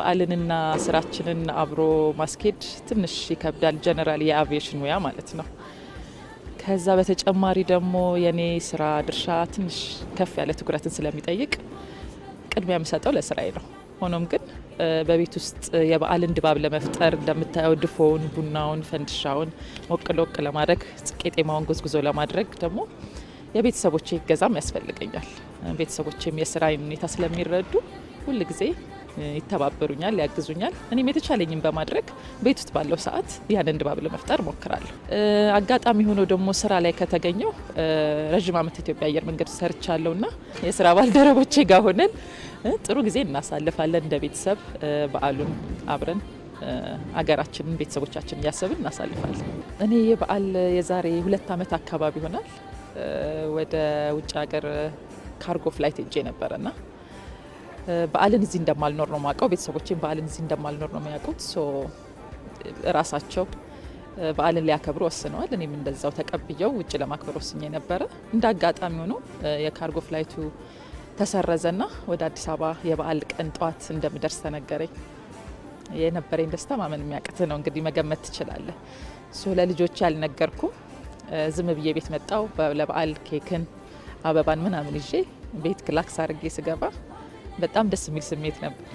በዓልንና ስራችንን አብሮ ማስኬድ ትንሽ ይከብዳል። ጀነራል የአቪዬሽን ሙያ ማለት ነው። ከዛ በተጨማሪ ደግሞ የኔ ስራ ድርሻ ትንሽ ከፍ ያለ ትኩረትን ስለሚጠይቅ ቅድሚያ የምሰጠው ለስራዬ ነው። ሆኖም ግን በቤት ውስጥ የበዓልን ድባብ ለመፍጠር እንደምታየው ድፎውን፣ ቡናውን፣ ፈንድሻውን ሞቅ ሞቅ ለማድረግ ቄጤማውን ጎዝጉዞ ለማድረግ ደግሞ የቤተሰቦቼ ይገዛም ያስፈልገኛል። ቤተሰቦቼም የስራ ሁኔታ ስለሚረዱ ሁል ጊዜ ይተባበሩኛል፣ ያግዙኛል። እኔም የተቻለኝም በማድረግ ቤት ውስጥ ባለው ሰዓት ያንን ድባብ ለመፍጠር ሞክራለሁ። አጋጣሚ ሆኖ ደግሞ ስራ ላይ ከተገኘው ረዥም ዓመት ኢትዮጵያ አየር መንገድ ሰርቻለሁ እና የስራ ባልደረቦቼ ጋር ሆነን ጥሩ ጊዜ እናሳልፋለን። እንደ ቤተሰብ በዓሉን አብረን አገራችንን ቤተሰቦቻችን እያሰብን እናሳልፋለን። እኔ የበዓል የዛሬ ሁለት ዓመት አካባቢ ይሆናል ወደ ውጭ ሀገር ካርጎ ፍላይት ሄጄ ነበረና በዓልን እዚህ እንደማልኖር ነው የማውቀው። ቤተሰቦቼም በዓልን እዚህ እንደማልኖር ነው የሚያውቁት። ራሳቸው በዓልን ሊያከብሩ ወስነዋል። እኔም እንደዛው ተቀብየው ውጭ ለማክበር ወስኜ ነበረ። እንደ አጋጣሚ ሆኖ የካርጎ ፍላይቱ ተሰረዘና ወደ አዲስ አበባ የበዓል ቀን ጠዋት እንደምደርስ ተነገረኝ። የነበረኝ ደስታ ማመን የሚያቅት ነው። እንግዲህ መገመት ትችላለህ። ሶ ለልጆች ያልነገርኩም ዝም ብዬ ቤት መጣው። ለበዓል ኬክን፣ አበባን ምናምን ይዤ ቤት ክላክስ አድርጌ ስገባ በጣም ደስ የሚል ስሜት ነበር።